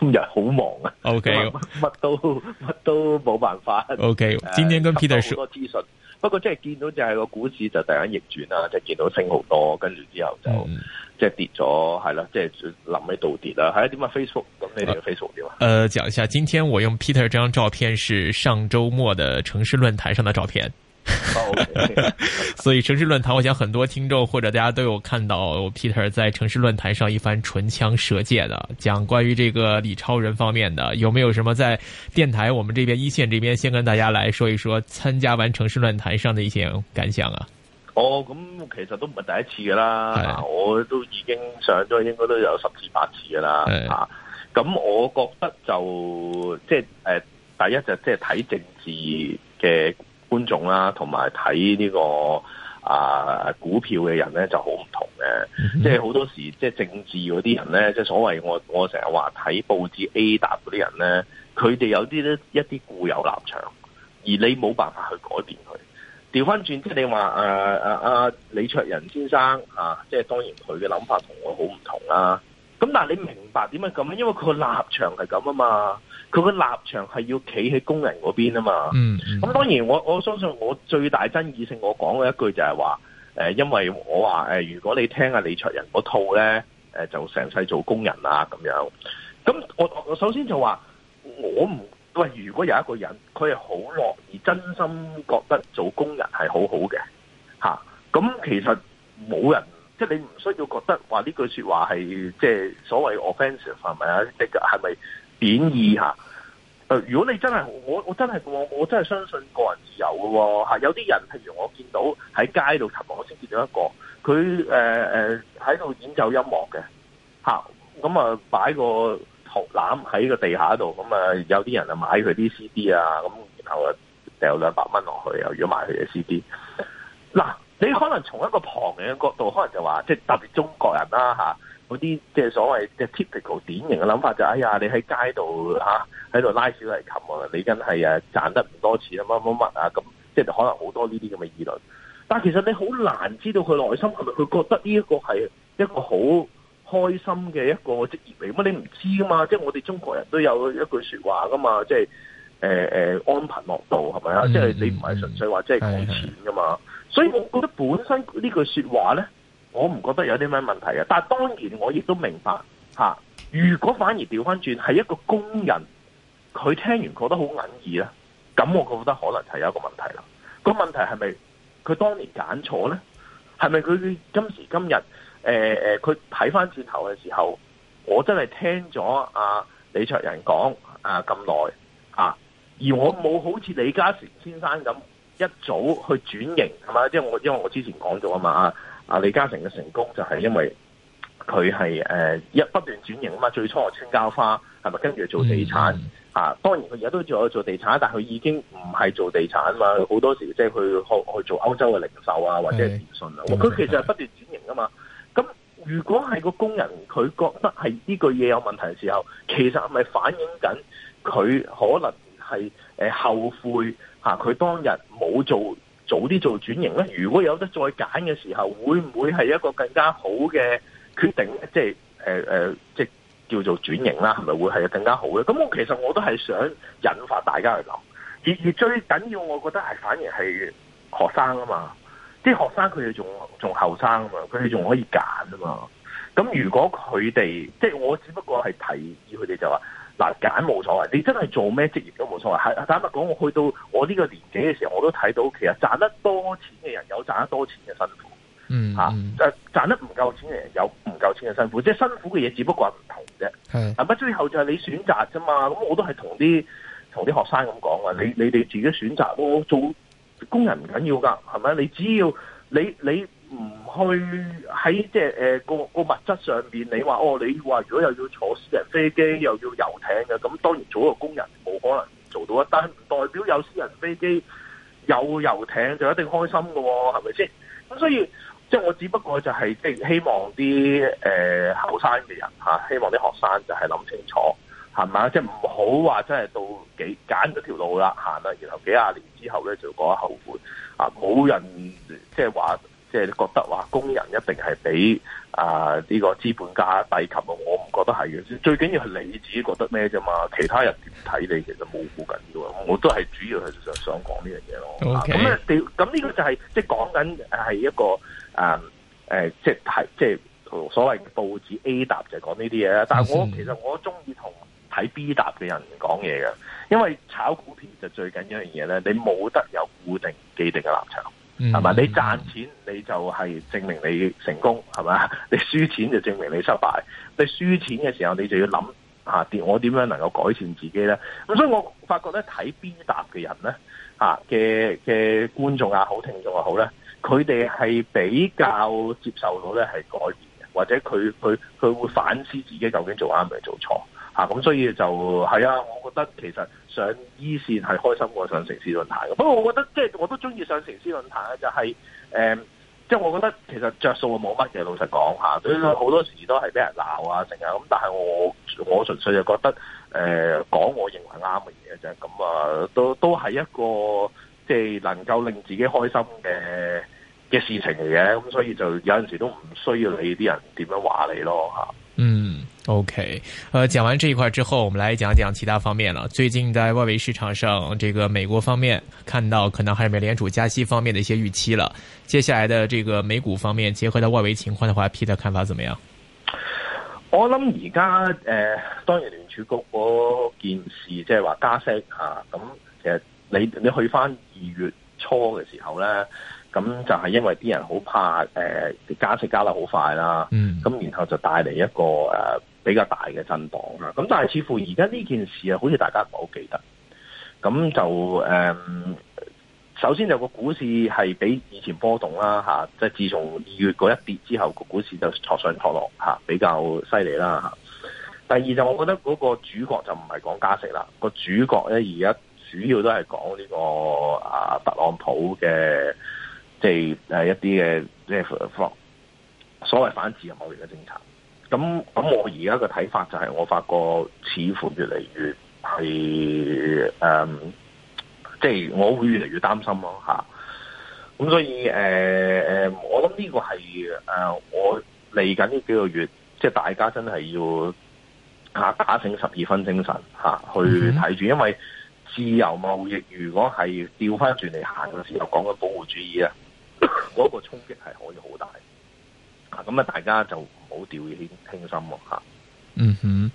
今日好忙啊！O K，乜都乜都冇辦法。O、okay. K，今天跟 Peter 好多資訊，不過即係見到就係個股市就突然間逆轉啦，即、就、係、是、見到升好多，跟住之後就即係跌咗，係、嗯、啦，即係諗喺度跌啦。係、哎、啊，點啊？Facebook，咁你哋嘅 Facebook 點啊？誒、呃，講一下，今天我用 Peter 這張照片，是上周末的城市論壇上的照片。 oh, okay. 所以城市論壇，我想很多聽眾或者大家都有看到我 Peter 在城市論壇上一番唇槍舌劍的，講關於這個李超人方面的，有沒有什麼在電台？我們這邊一線這邊先跟大家來說一說，參加完城市論壇上的一些感想啊。哦，咁其實都唔係第一次噶啦，我都已經上咗，應該都有十次八次噶啦。啊，咁我覺得就即係誒，第一就即係睇政治嘅。觀眾啦、啊，同埋睇呢個啊股票嘅人咧，就好唔同嘅。即係好多時，即係政治嗰啲人咧，即係所謂我我成日話睇報紙 A 答嗰啲人咧，佢哋有啲咧一啲固有立場，而你冇辦法去改變佢。調翻轉，即係你話誒誒阿李卓人先生、啊、即係當然佢嘅諗法同我好唔同啦。咁但係你明白點解咁啊？因為佢個立場係咁啊嘛。佢嘅立場係要企喺工人嗰邊啊嘛，咁、嗯嗯、當然我我相信我最大爭議性我講嘅一句就係話，誒因為我話誒如果你聽阿李卓人嗰套咧，誒就成世做工人啊咁樣，咁我我首先就話我唔喂，如果有一個人佢係好樂意、真心覺得做工人係好好嘅，嚇、啊、咁其實冇人即係你唔需要覺得話呢句説話係即係所謂 offensive 係咪啊？係咪？貶義吓，誒，如果你真係我我真係我，我真係相信個人自由嘅喎吓。有啲人譬如我見到喺街度尋日我先見到一個，佢誒誒喺度演奏音樂嘅吓，咁啊擺個淘籃喺個地下度，咁啊有啲人啊買佢啲 C D 啊，咁然後啊掉兩百蚊落去，又如果買佢嘅 C D，嗱、啊、你可能從一個旁人嘅角度，可能就話即係特別中國人啦吓。啊嗰啲即係所謂嘅 typical 典型嘅諗法就係，哎呀，你喺街度喺度拉小提琴啊，你真係誒賺得唔多錢啊，乜乜乜啊，咁即係可能好多呢啲咁嘅議論。但係其實你好難知道佢內心係咪佢覺得呢一個係一個好開心嘅一個職業嚟，因你唔知㗎嘛。即係我哋中國人都有一句說話噶嘛，即係誒、呃、安貧樂道係咪啊？即係、嗯嗯就是、你唔係純粹話即係講錢噶嘛、嗯嗯嗯。所以我覺得本身句呢句説話咧。我唔覺得有啲咩問題嘅，但係當然我亦都明白吓。如果反而調翻轉係一個工人，佢聽完覺得好隱意咧，咁我覺得可能係有一個問題啦。個問題係咪佢當年揀錯咧？係咪佢今時今日誒誒，佢睇翻轉頭嘅時候，我真係聽咗阿、啊、李卓人講啊咁耐啊，而我冇好似李嘉誠先生咁一,一早去轉型，係嘛，即係我因為我之前講咗啊嘛。啊，李嘉誠嘅成功就係因為佢係誒一不斷轉型啊嘛，最初係塑膠花，係咪跟住做地產、嗯、啊？當然佢而家都仲有做地產，但係佢已經唔係做地產啊嘛，好多時即係去去去做歐洲嘅零售啊，或者係電信啊，佢其實係不斷轉型噶嘛。咁如果係個工人，佢覺得係呢句嘢有問題嘅時候，其實係咪反映緊佢可能係誒、呃、後悔啊？佢當日冇做。早啲做轉型咧，如果有得再揀嘅時候，會唔會係一個更加好嘅決定咧？即係、呃、即係叫做轉型啦，係咪會係更加好咧？咁我其實我都係想引發大家去諗，而而最緊要，我覺得係反而係學生啊嘛，啲學生佢哋仲仲後生啊嘛，佢哋仲可以揀啊嘛。咁如果佢哋，即係我只不過係提議佢哋就話。嗱，揀冇所謂，你真係做咩職業都冇所謂。係，坦白講，我去到我呢個年紀嘅時候，我都睇到其實賺得多錢嘅人有賺得多錢嘅辛苦，嗯，嗯啊、賺得唔夠錢嘅人有唔夠錢嘅辛苦，即、就、係、是、辛苦嘅嘢，只不過係唔同啫。係，但最後就係你選擇啫嘛。咁我都係同啲同啲學生咁講啊，你你哋自己選擇咯，做工人唔緊要㗎，係咪？你只要你你。你唔去喺即係誒個、那個物質上面，你話哦，你話如果又要坐私人飛機，又要遊艇嘅，咁當然做一個工人冇可能做到啊。但係唔代表有私人飛機、有遊艇就一定開心噶、哦，係咪先？咁所以即係我只不過就係、是、即係希望啲誒後生嘅人吓、啊，希望啲學生就係諗清楚，係嘛？即係唔好話真係到幾揀咗條路啦，行啦，然後幾廿年之後咧，就覺得後悔啊！冇人即係話。即係覺得話工人一定係比啊呢個資本家低級啊，我唔覺得係嘅。最緊要係你自己覺得咩啫嘛，其他人點睇你其實冇好緊要嘅。我都係主要係想講呢樣嘢咯。咁、okay. 啊，咁呢個就係、是、即係講緊係一個啊誒、呃，即係睇即係所謂報報紙 A 答就係講呢啲嘢啦。但係我其實我中意同睇 B 答嘅人講嘢嘅，因為炒股票就最緊要樣嘢咧，你冇得有固定既定嘅立場，係嘛？你賺錢你就係證明你成功，係嘛？你輸錢就證明你失敗。你輸錢嘅時候，你就要諗啊，點我點樣能夠改善自己咧？咁所以我發覺咧，睇 B 踏嘅人咧，吓嘅嘅觀眾啊，又好聽眾又好咧，佢哋係比較接受到咧係改變嘅，或者佢佢佢會反思自己究竟做啱定做錯。咁、啊、所以就係啊，我覺得其實上 E 線係開心過上城市論壇嘅。不過我覺得即係我都中意上城市論壇咧，就係、是、誒、呃，即係我覺得其實着數冇乜嘢。老實講嚇。好、啊、多時都係俾人鬧啊，成日咁。但係我我純粹就覺得誒，講、呃、我認為啱嘅嘢啫。咁、嗯、啊，都都係一個即係能夠令自己開心嘅嘅事情嚟嘅。咁所以就有陣時候都唔需要理啲人點樣話你咯嚇。嗯，OK，呃講完這一塊之後，我們來講講其他方面了。最近在外圍市場上，這個美國方面看到可能還是美聯儲加息方面的一些預期了。接下來的這個美股方面，結合到外圍情況的話，Peter 看法怎麼樣？我諗而家誒，當然聯儲局嗰件事即係話加息啊，咁其實你你去翻二月初嘅時候呢。咁就係因為啲人好怕誒、呃，加息加得好快啦，咁、嗯、然後就帶嚟一個誒、呃、比較大嘅震盪啦。咁但係似乎而家呢件事啊，好似大家唔係好記得。咁就誒、嗯，首先就個股市係比以前波動啦，吓、啊，即、就、係、是、自從二月嗰一跌之後，個股市就挫上挫落吓，比較犀利啦吓、啊。第二就我覺得嗰個主角就唔係講加息啦，個主角咧而家主要都係講呢個啊特朗普嘅。即係誒一啲嘅即係所謂反自由貿易嘅政策，咁咁我而家嘅睇法就係我發覺似乎越嚟越係誒、即、嗯、係、就是、我會越嚟越擔心咯吓。咁、啊、所以誒誒、啊，我諗呢個係誒、啊、我嚟緊呢幾個月，即、就、係、是、大家真係要吓打醒十二分精神吓、啊、去睇住，因為自由貿易如果係調翻轉嚟行嘅時候，講嘅保護主義啊。嗰 個衝擊係可以好大啊！咁啊，大家就唔好掉以輕心、啊、嗯哼。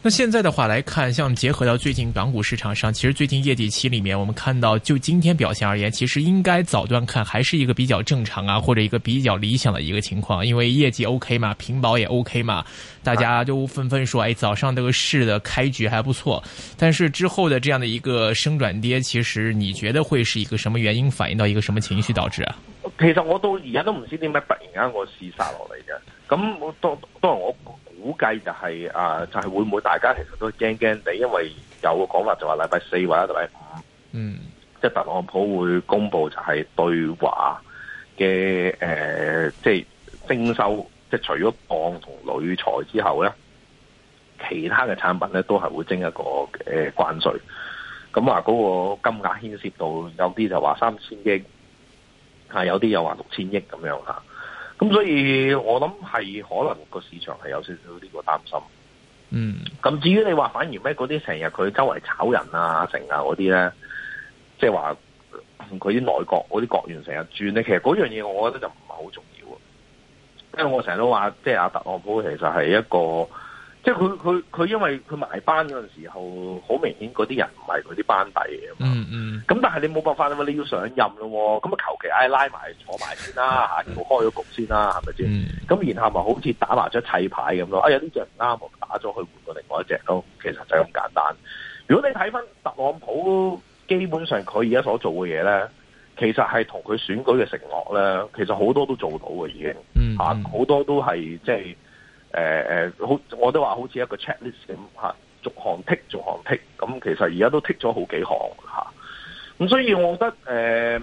那現在的話來看，像結合到最近港股市場上，其實最近業績期裏面，我們看到就今天表現而言，其實應該早段看還是一個比較正常啊，或者一個比較理想的一個情況，因為業績 OK 嘛，平保也 OK 嘛，大家都紛紛說，誒、哎，早上這個市的開局還不錯，但是之後的這樣的一個升轉跌，其實你覺得會是一個什麼原因反映到一個什麼情緒導致啊？其實我到而家都唔知點解突然間我試殺落嚟嘅，咁當當然我估計就係、是、就係、是、會唔會大家其實都驚驚地，因為有個講法就話禮拜四或者禮拜五，嗯，即係特朗普會公布就係對華嘅誒、呃，即係徵收，即係除咗鋼同鋁材之後咧，其他嘅產品咧都係會徵一個誒、呃、關稅。咁話嗰個金額牽涉到有啲就話三千億。係有啲又話六千億咁樣吓，咁所以我諗係可能個市場係有少少呢個擔心。嗯，咁至於你話反而咩嗰啲成日佢周圍炒人啊成啊嗰啲咧，即係話佢啲內閣嗰啲國員成日轉咧，其實嗰樣嘢我覺得就唔係好重要。因為我成日都話，即係阿特朗普其實係一個。即係佢佢佢因為佢埋班嗰陣時候，好明顯嗰啲人唔係佢啲班底嘅嘛。咁、嗯嗯、但係你冇辦法啊嘛，你要上任咯。咁啊求其唉拉埋坐埋先啦吓，開咗局先啦，係咪先？咁、嗯、然後咪好似打麻雀砌牌咁咯。哎呀，呢隻唔啱，我打咗去換過另外一隻咯。其實就係咁簡單。如果你睇翻特朗普，基本上佢而家所做嘅嘢咧，其實係同佢選舉嘅承諾咧，其實好多都做到嘅已經。吓、嗯、好、嗯啊、多都係即係。誒、欸、好，我都話好似一個 checklist 咁，逐行剔，逐行剔，咁其實而家都剔咗好幾行，咁所以我覺得誒，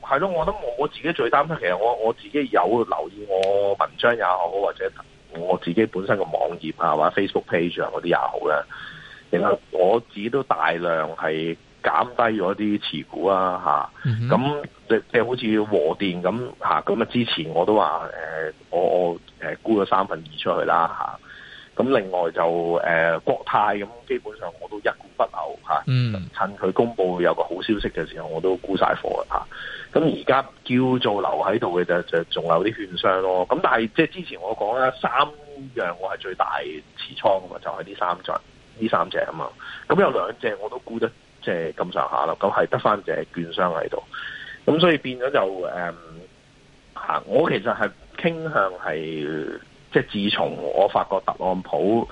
係、欸、咯，我覺得我，我自己最擔心，其實我我自己有留意我文章也好，或者我自己本身嘅網頁啊，或者 Facebook page 嗰啲也好咧，其實我自己都大量係。減低咗啲持股啊，咁即即好似和電咁嚇，咁啊之前我都話、呃、我我誒、呃、沽咗三分二出去啦咁、啊啊、另外就誒、呃、國泰咁，基本上我都一股不留、啊、嗯，趁佢公布有個好消息嘅時候，我都估晒貨了啊，咁而家叫做留喺度嘅就就仲留啲券商咯。咁、啊、但係即係之前我講啦，三樣我係最大持倉噶、就係、嘛，就係呢三隻呢三隻啊嘛。咁有兩隻我都沽得。嗯即係咁上下咯，咁係得翻隻券商喺度，咁所以變咗就誒吓、嗯，我其實係傾向係即係自從我發覺特朗普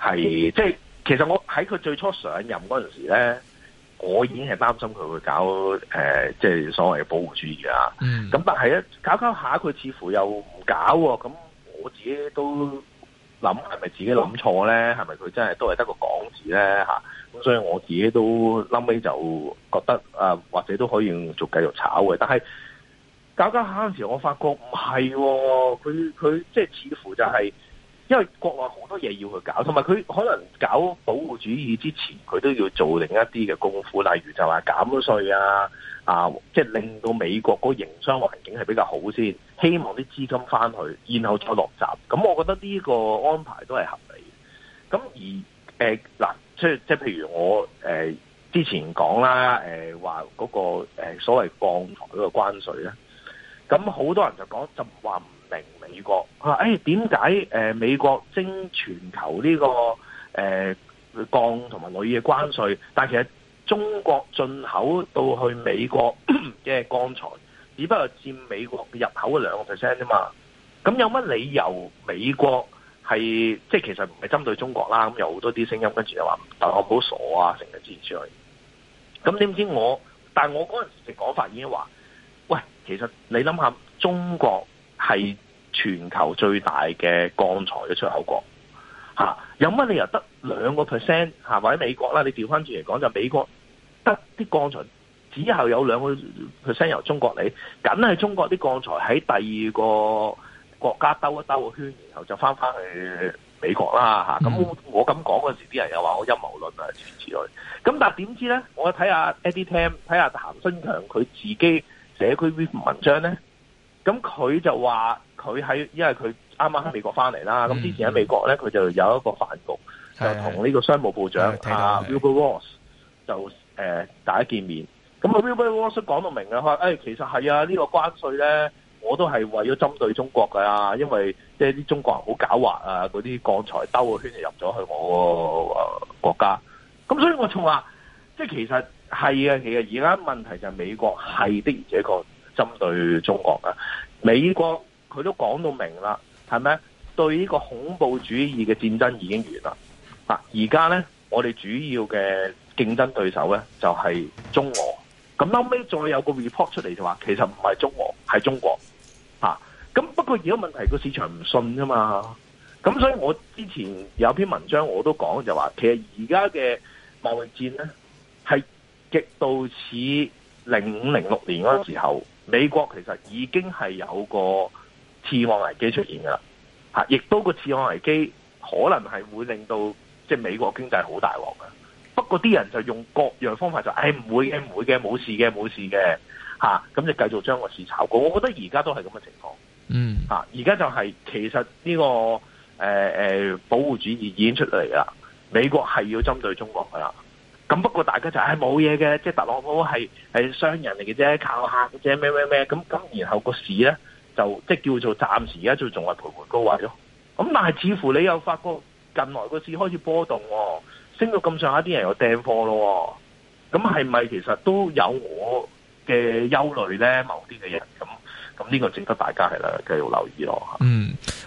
係即係，其實我喺佢最初上任嗰陣時咧，我已經係擔心佢會搞誒、呃，即係所謂嘅保護主義啊。咁、嗯、但係咧，搞搞下佢似乎又唔搞，咁我自己都。諗係咪自己諗錯咧？係咪佢真係都係得個講字咧嚇？咁、啊、所以我自己都後尾就覺得啊，或者都可以繼續繼續炒嘅。但係搞搞下嗰陣時，我發覺唔係、哦，佢佢即係似乎就係、是。因為國內好多嘢要去搞，同埋佢可能搞保護主義之前，佢都要做另一啲嘅功夫，例如就話減稅啊，啊，即係令到美國嗰個營商環境係比較好先，希望啲資金翻去，然後再落閘。咁我覺得呢個安排都係合理嘅。咁而誒嗱、呃，即係即係譬如我、呃、之前講啦，話、呃、嗰個、呃、所謂降台個關稅咧，咁好多人就講就話唔。美國佢話誒點解誒美國徵全球呢、這個誒鋼同埋鋁嘅關稅？但係其實中國進口到去美國嘅鋼 材，只不過佔美國入口嘅兩個 percent 啫嘛。咁有乜理由美國係即係其實唔係針對中國啦？咁有好多啲聲音跟住又話特朗普好傻啊，成日支持佢。咁點知我？但我嗰陣時嘅講法已經話：，喂，其實你諗下中國。係全球最大嘅鋼材嘅出口國，吓，有乜理由得兩個 percent 吓？或者美國啦，你調翻轉嚟講，就美國得啲鋼材之後有兩個 percent 由中國嚟，梗係中國啲鋼材喺第二個國家兜一兜個圈，然後就翻翻去美國啦。吓，咁我咁講嗰陣時，啲人又話我陰謀論啊之類，咁但係點知咧？我睇下 Eddie Tam 睇下譚新強佢自己社區 V i 篇文章咧。咁佢就話，佢喺因為佢啱啱喺美國翻嚟啦，咁、嗯、之前喺美國咧，佢就有一個飯局，嗯、就同呢個商務部長啊，Wilbur、啊、Ross 就誒、呃、大家見面。咁啊，Wilbur Ross e 講到明、哎、啊，話其實係啊，呢個關稅咧，我都係為咗針對中國㗎呀、啊，因為即係啲中國人好狡猾啊，嗰啲鋼材兜個圈就入咗去我國家。咁所以我仲話，即係其實係啊，其實而家、啊、問題就係美國係的而且確的。針對中國，啊，美國佢都講到明啦，係咪？對呢個恐怖主義嘅戰爭已經完啦。而家咧，我哋主要嘅競爭對手咧就係中俄。咁後尾再有個 report 出嚟就話，其實唔係中俄，係中國。吓，咁不過而家問題個市場唔信啫嘛。咁所以我之前有篇文章我都講就話，其實而家嘅貿易戰咧係極度似零五零六年嗰個時候。美國其實已經係有個次按危機出現噶啦，吓，亦都個次按危機可能係會令到即係、就是、美國經濟好大鑊噶。不過啲人就用各樣方法就，誒、哎、唔會嘅唔會嘅冇事嘅冇事嘅，吓、啊，咁就繼續將個市炒過。我覺得而家都係咁嘅情況，嗯、啊，吓，而家就係其實呢、這個誒誒、呃、保護主義已經出嚟啦，美國係要針對中國噶啦。咁不過大家就係冇嘢嘅，即係特朗普係係商人嚟嘅啫，靠客嘅啫咩咩咩，咁咁然後個市咧就即係叫做暫時而家就仲係徘徊高位咯。咁但係似乎你又發覺近來個市開始波動，升到咁上下，啲人又訂貨咯。咁係咪其實都有我嘅憂慮咧？某啲嘅嘢，咁咁呢個值得大家係啦繼續留意咯。嗯。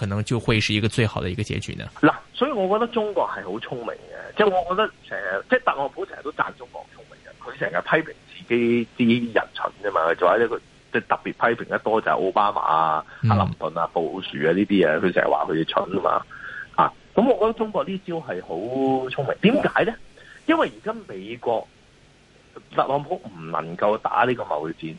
可能就會是一個最好的一個結局呢。嗱，所以我覺得中國係好聰明嘅，即係我覺得成日即係特朗普成日都讚中國聰明嘅，佢成日批評自己啲人蠢嘅嘛，佢仲有一個即係特別批評得多就係奧巴馬啊、克林頓啊、布殊啊呢啲嘢，佢成日話佢哋蠢啊嘛、嗯、啊，咁我覺得中國呢招係好聰明的，點解呢？因為而家美國特朗普唔能夠打呢個貿易戰，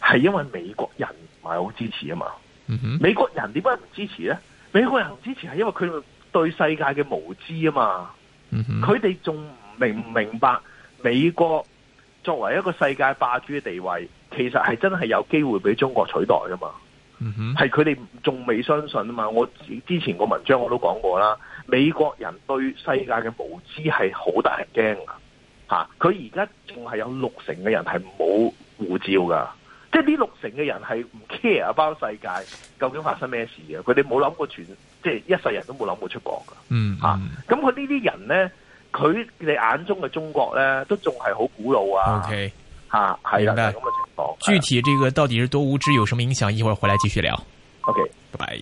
係因為美國人唔係好支持啊嘛。嗯、美國人點解唔支持呢？美國人唔支持係因為佢對世界嘅無知啊嘛，佢哋仲唔明唔明白美國作為一個世界霸主嘅地位，其實係真係有機會俾中國取代噶嘛？係佢哋仲未相信啊嘛？我之前個文章我都講過啦，美國人對世界嘅無知係好大驚啊！吓，佢而家仲係有六成嘅人係冇護照噶。即係呢六成嘅人係唔 care about 世界究竟發生咩事嘅，佢哋冇諗過全，即係一世人，都冇諗過出國噶。嗯，吓、啊，咁佢呢啲人咧，佢哋眼中嘅中國咧，都仲係好古老啊。O K，吓，係啦，咁嘅、就是、情況。具體呢個到底是多無知，有什麼影響？一會回來繼續聊。O、okay. K，拜拜。